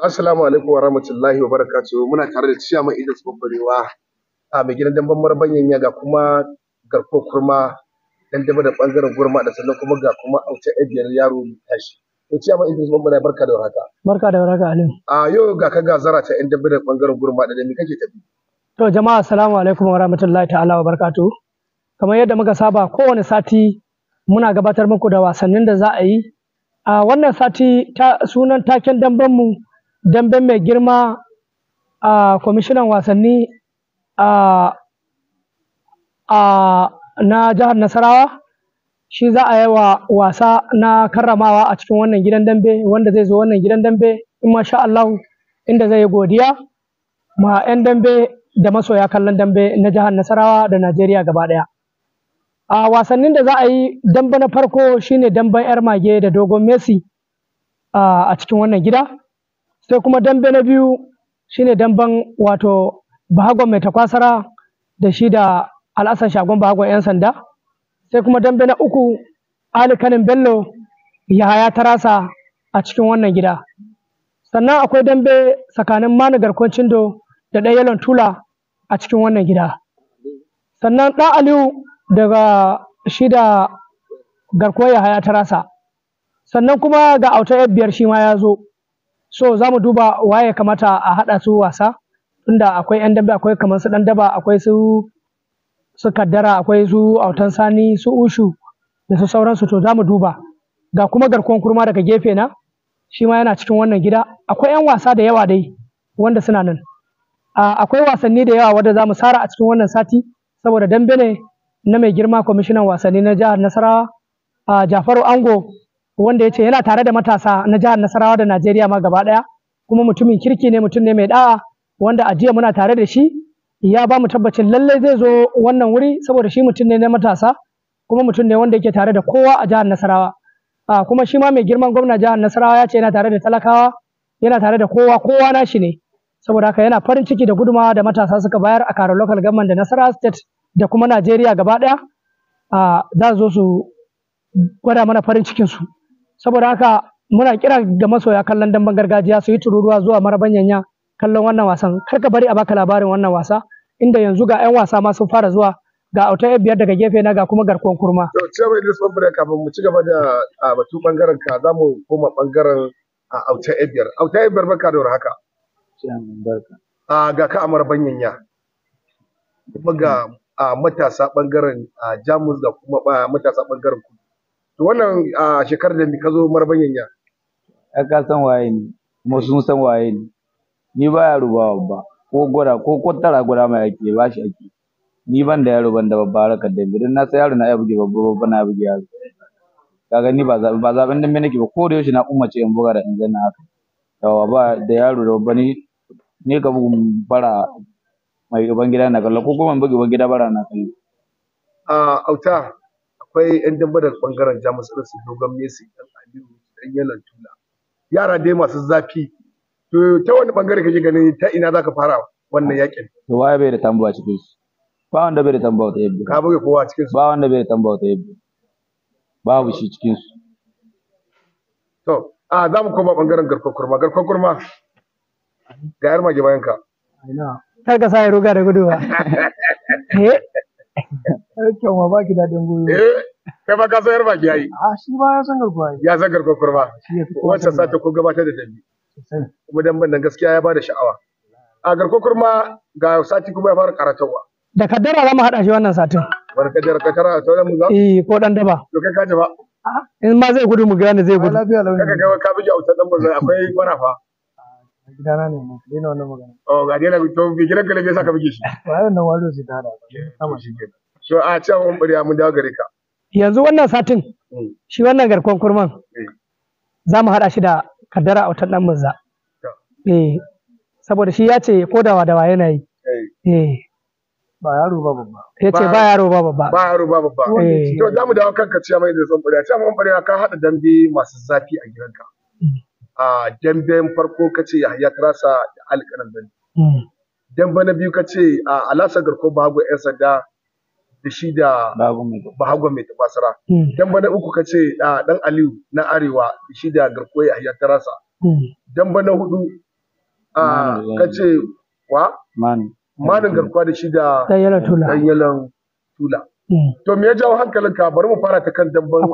Assalamu alaikum wa rahmatullahi wa barakatu! Muna tare da Ciyaman Idris Babbarewa a mai gidan damban marbanyan ya ga kuma garko kurma dan daba da bangaren gurma da sannan kuma ga kuma auta ajiyar yaro mai tashi. To Ciyaman Idris Babbarewa barka da warhaka. Barka da warhaka Ali. A yau ga ka ga zara ta inda da bangaren gurma da me kake tafi? To jama'a assalamu alaikum wa rahmatullahi ta'ala wa barakatu. Kamar yadda muka saba kowane sati muna gabatar muku da wasannin da za a yi. A wannan sati ta sunan taken damben mu Dambe mai girma a kwamishinan wasanni a na jihar nasarawa shi za a yi wa wasa na karramawa a cikin wannan gidan dambe wanda zai zo wannan gidan dambe in masha Allah inda zai yi godiya ma 'yan dambe da masoya kallon dambe na jihar nasarawa da najeriya gaba ɗaya a wasannin da za a yi dambe na farko shine damben yar mage da dogon messi a cikin wannan gida sai kuma dambe na biyu shine damben wato bahagon mai takwasara da shi da al'asan shagon bahagon 'yan sanda sai kuma dambe na uku ali kanin bello ta rasa a cikin wannan gida sannan akwai dambe tsakanin mani garkuwar cindo da ɗan yalon tula a cikin wannan gida sannan ɗan aliyu daga shi da garkuwar yahaya rasa, sannan kuma ga auta biyar shi ma ya zo so za mu duba waye kamata a haɗa su wasa tunda akwai yan dambe akwai kamar su dan daba akwai su su kaddara akwai su autan sani su ushu da su sauransu to za mu duba ga kuma garkuwan kurma daga gefe na shi ma yana cikin wannan gida akwai 'yan wasa da yawa dai wanda suna nan akwai wasanni da yawa wanda za mu sara a cikin wannan sati saboda dambe ne na mai girma kwamishinan wasanni na jihar nasarawa jafaru ango wanda ya ce yana tare da matasa na jihar Nasarawa da Najeriya ma gaba ɗaya kuma mutumin kirki ne mutum ne mai da'a wanda a jiya muna tare da shi ya ba mu tabbacin lallai zai zo wannan wuri saboda shi mutum ne na matasa kuma mutum ne wanda yake tare da kowa a jihar Nasarawa a kuma shi ma mai girman gwamna jihar Nasarawa ya ce yana tare da talakawa yana tare da kowa kowa na shi ne saboda haka yana farin ciki da gudumawa da matasa suka bayar a Karo local government da Nasarawa state da kuma Najeriya gaba ɗaya za zo su gwada mana farin cikin su saboda haka muna kira da masoya kallon damben gargajiya su yi tururuwa zuwa marabin yanya kallon wannan wasan kar ka bari a baka labarin wannan wasa inda yanzu ga 'yan wasa ma sun fara zuwa ga auta biyar daga gefe na ga kuma garkuwan kurma. To ce mai Idris Bambare kafin mu ci gaba da batu bangaren ka za mu koma bangaren auta biyar. Auta biyar baka da haka. A ga ka amar banyanya. Kuma ga matasa bangaren Jamus da kuma matasa bangaren ku. to wannan a shekarar da ka zo marbanyanya ya ka san waye ni kuma sun san waye ni ni ba yaro ba babba ko gwada ko kwattara gwada mai ake ba shi ake ni ban da yaro ban da babba harkar dambe don na sai yaro na ya buge babba babba na buge yaro kaga ni ba ba zaben dambe nake ba ko da yaushe na ummace in buga da in zanna haka yawa ba da yaro da babba ni ne ka bugun bara mai gaban gida na kallo ko kuma bugi ban gida bara na kallo a auta akwai yan dambe daga bangaren jamus irin su dogon mesi dan aliyu dan yalan tula yara dai masu zafi to ta wani bangare kake ganin ta ina zaka fara wannan yakin to waye bai da tambawa cikin su ba wanda bai da tambawa ta yabbi ka buge kowa cikin su ba wanda bai da tambawa ta yabbi babu shi cikin su to a za mu koma bangaren garkon kurma garkon kurma ga yar mage bayan ka ina kar ka sa ya ruga da gudu ba eh? kyau ma ba ki daɗin goyo. Eh, kai ba ka san yar baki yayi. A ah, shi ba ya san garkuwa Ya san garkuwa kurma. Wacce sa ta ko gabatar da dambe. Kuma damben nan gaskiya ya bada sha'awa. A garkuwa kurma ga sati kuma ya fara karatarwa. Da kaddara za mu haɗa shi wannan satin. Wani kaddara ka tara ta mu za? Eh, ko ɗan daba. To kai ka ji ba. Ah, in ma zai gudu mu gane zai gudu. Kaka ga ka bi autar dan bazai akwai marafa. Ah, gidana ne mu daina wannan magana. Oh, ga dai na to bi gidan ka ne bai saka bige shi. Ba nan wani zai tada. Sama eh, shi kenan. So a ce mun buriya mun dawo gare ka yanzu wannan satin mm. shi wannan garkon kurman eh. za mu haɗa shi da kaddara a wutar ɗan muzza eh saboda shi ya ce ko da wadawa yana yi eh. eh ba yaro ba babba ya ce ba yaro ba babba ba yaro ba babba eh. to za mu dawo kanka ce mai da son buriya ciya mun buriya ka haɗa dambe masu zafi a gidanka mm. a damben farko ka ce Tarasa da Alƙaran Dambe. Mm. Dambe na biyu ce a Alasa Garko Bahago 'yan sanda da shi da bahagon mai tafasara. Hmm. Damba uku ka ce dan Aliyu na Arewa da shi da garkuwa Yahya Tarasa. Hmm. Damba na hudu ka ce wa? Manin garkuwa da shi da ɗanyalan tula. Hmm. To me ya jawo ka bari mu fara ta kan damban.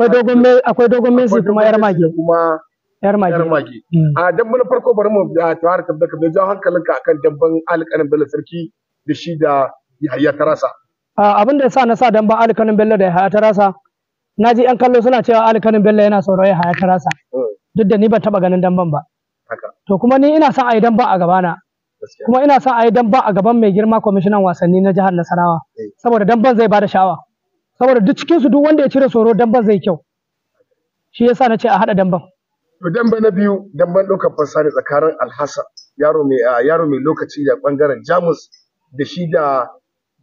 Akwai dogon mesi kuma yar mage. Kuma yar mage. A damban farko bari mu fara tambayar ka me ya jawo ka akan damban alƙalin Bello Sarki da shi da Yahya Tarasa. Ah, abin da ya sa na sa dan ba alkanin bello da ya haya tarasa na ji yan kallo suna cewa alkanin bello yana saurayi ya haya tarasa duk da ni ban taba ganin damban ba to kuma ni ina sa a yi damba a gaba na. kuma ina sa a yi damba a gaban mai girma kwamishinan wasanni na jihar nasarawa eh. saboda damban zai bada sha'awa saboda duk cikin su duk wanda ya cire tsoro damban zai kyau shi yasa na ce a haɗa damban to damba na biyu damban ɗaukar fasari tsakanin alhassan yaro mai ah, lokaci da bangaren jamus da shi da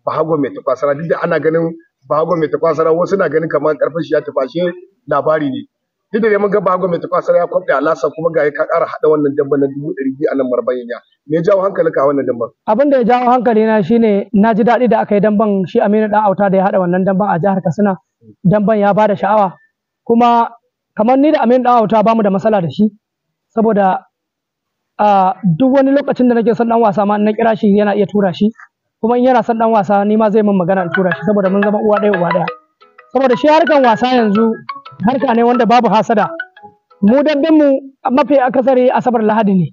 bahago mai tukwasara duk da ana ganin bahago mai tukwasara wasu na ganin kamar karfin shi ya tafashe labari ne duk da mun ga bahago mai tukwasara ya kwabta alasa kuma ga ka ƙara haɗa wannan damban na dubu ɗari biyu a nan marbayin ya me ya jawo hankali ka wannan damban. abin da ya jawo hankali na shine na ji daɗi da aka yi damban shi Aminu Dan Auta da ya haɗa wannan dabban a jihar Katsina damban ya bada sha'awa kuma kamar ni da Aminu Dan Auta bamu da matsala da shi saboda ah, duk wani lokacin da nake son dan wasa ma na kira shi yana iya tura shi kuma in yana son dan wasa ni ma zai min magana in tura shi saboda mun zama uwa ɗaya uwa ɗaya saboda shi harkan wasa yanzu harka ne wanda babu hasada mu dambin mu mafi akasari asabar lahadi ne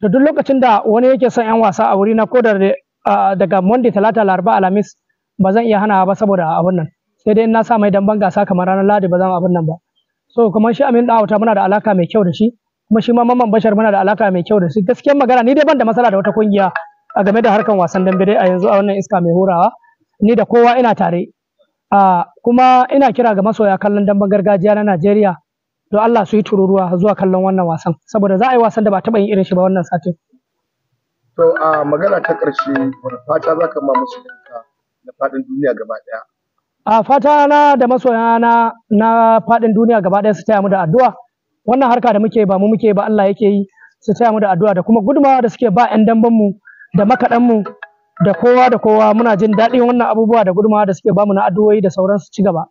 da duk lokacin da wani yake son yan wasa a wuri na ko daga monday talata laraba alhamis ba zan iya hana ba saboda abin nan sai dai na sa mai damban gasa kamar ranar lahadi ba zan abin nan ba so kuma shi amin da'auta muna da alaka mai kyau da shi kuma shi ma mamman bashar muna da alaka mai kyau da shi gaskiyar magana ni dai ban da matsala da wata kungiya a game da harkan wasan dambe dai a yanzu a wannan iska mai horawa ni da kowa ina tare a kuma ina kira ga masoya kallon damben gargajiya na Najeriya to Allah su yi tururuwa zuwa kallon wannan wasan saboda za a yi wasan da ba taɓa yin irin shi ba wannan satin. To a magana ta ƙarshe wani fata za ka ma musu na faɗin duniya gaba ɗaya. A fata na da masoya na na faɗin duniya gaba ɗaya su taya mu da addu'a wannan harka da muke ba mu muke ba Allah yake yi su taya mu da addu'a da kuma gudumawa da suke ba 'yan damben mu da makaɗanmu da kowa da kowa muna jin daɗin wannan abubuwa da gudunmawa da suke bamu na addu'o'i da sauransu ci gaba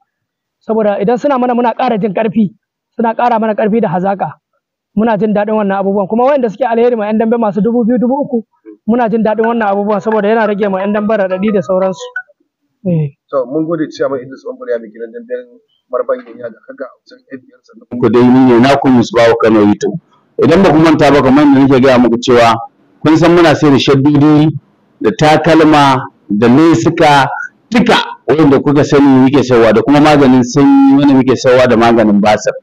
saboda idan suna mana muna ƙara jin ƙarfi suna ƙara mana ƙarfi da hazaƙa muna jin daɗin wannan abubuwan kuma wanda suke alheri ma 'yan dambe masu dubu biyu dubu uku muna jin daɗin wannan abubuwan saboda yana rage ma 'yan dambe raɗaɗi da sauransu. Eh. to mun gode cewa mai idris bambara mai gidan damben marban yana da kaga a wajen sannan. ku dai ni ne na kuma su bawa kano to idan ba ku manta ba kamar yadda nake gaya muku cewa kun san muna sai da shaddudi da takalma da lesuka duka wanda kuka sani muke sayarwa da kuma maganin sanyi wanda muke sayarwa da maganin basir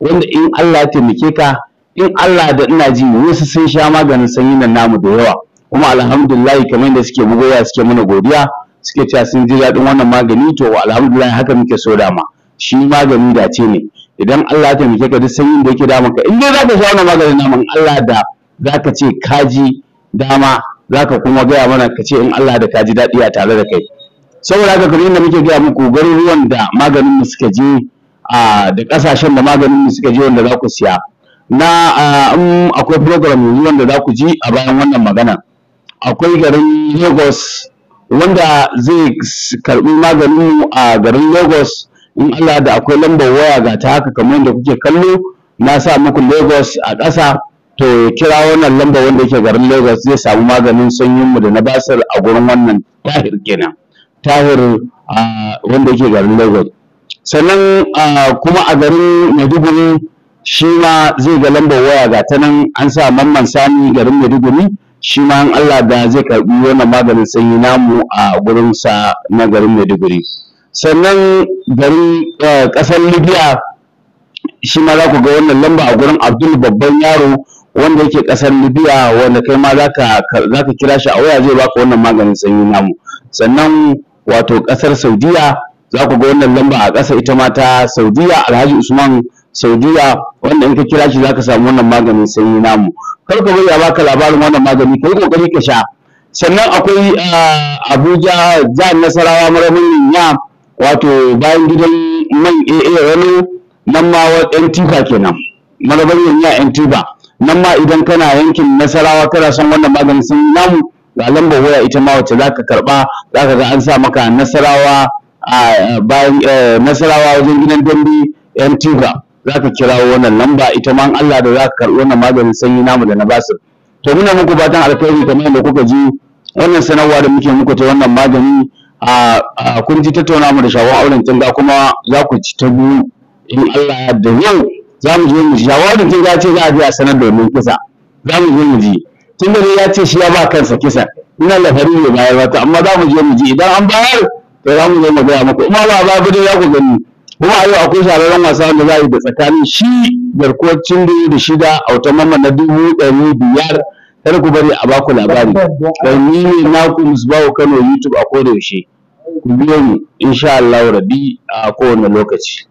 wanda in Allah ya taimake ka in Allah da ina ji wasu sun sha maganin sanyi nan namu da yawa kuma alhamdulillah kamar yadda suke mugoya suke mana godiya suke cewa sun ji daɗin wannan magani to alhamdulillah haka muke so dama shi magani da ce ne idan Allah ya taimake ka duk sanyin da yake damun ka in dai zaka sha wannan maganin namu Allah da zaka ce kaji dama za ka kuma gaya mana ka ce in Allah da ka ji daɗi a tare da kai saboda haka kamar yadda muke gaya muku garuruwan da maganin mu suka je da ƙasashen da maganin mu suka je wanda za ku siya na in akwai program yanzu wanda za ku ji a bayan wannan magana akwai garin Lagos wanda zai karɓi maganin mu a garin Lagos in Allah da akwai lambar waya ga ta haka kamar yadda kuke kallo na sa muku Lagos a ƙasa to ya kira wannan lamba wanda yake garin Lagos zai samu maganin sanyin da na basir a gurin wannan tahir kenan tahir ah, wanda yake garin Lagos sannan ah, kuma a garin Maiduguri shi ma zai ga lambar waya ga ta nan an sa mamman sani garin Maiduguri shi ma an Allah da zai karbi wannan maganin sanyi namu a gurin sa na garin Maiduguri sannan garin kasar ah, Libya shi ma za ku ga wannan lamba a gurin Abdul babban yaro wanda yake kasar Libya wanda kai ma za ka kira shi a waya zai baka wannan maganin sanyi namu sannan wato ƙasar Saudiya za ku ga wannan lamba a ƙasa ita mata Saudiya Alhaji Usman Saudiya wanda in ka kira shi za ka samu wannan maganin sanyi namu kar ka bari a baka labarin wannan magani kai kokari ka sha sannan akwai ah, Abuja za Nasarawa marabin ya wato bayan gidan man AA eh, eh, wani nan ma yan tifa kenan marabin ya yan tifa nan ma idan kana yankin nasarawa kana son wannan maganin sun namu ga lambar waya ita ma wacce za ka karɓa za ka ga an sa maka nasarawa a bayan eh, nasarawa wajen gidan dambe yan tiga za ka kirawo wannan lamba ita ma Allah da za ka karɓi wannan maganin sanyi namu da na basu to muna muku fatan alkhairi kamar yadda kuka ji wannan sanarwa da muke muku ta wannan magani a kun ji tattauna mu da shawon auren tunga kuma za ku ci ta biyu in Allah ya da yau za mu je mu ji jawabin tun ya ce za a je a sanar da kisa za mu je mu ji tun da ya ce shi ya ba kansa kisa ina lafari ne bayar wata amma za mu je mu ji idan an bayar to za mu zo mu gaya muku kuma ba ba ba ya ku gani kuma a akwai shahararren wasa wanda za a yi da tsakanin shi garkuwar cin da shida a wata mamman na dubu ɗari biyar kar ku bari a baku labari dan ni ne naku bawa kano youtube a koda yaushe ku biyo mu insha Allah rabi a kowane lokaci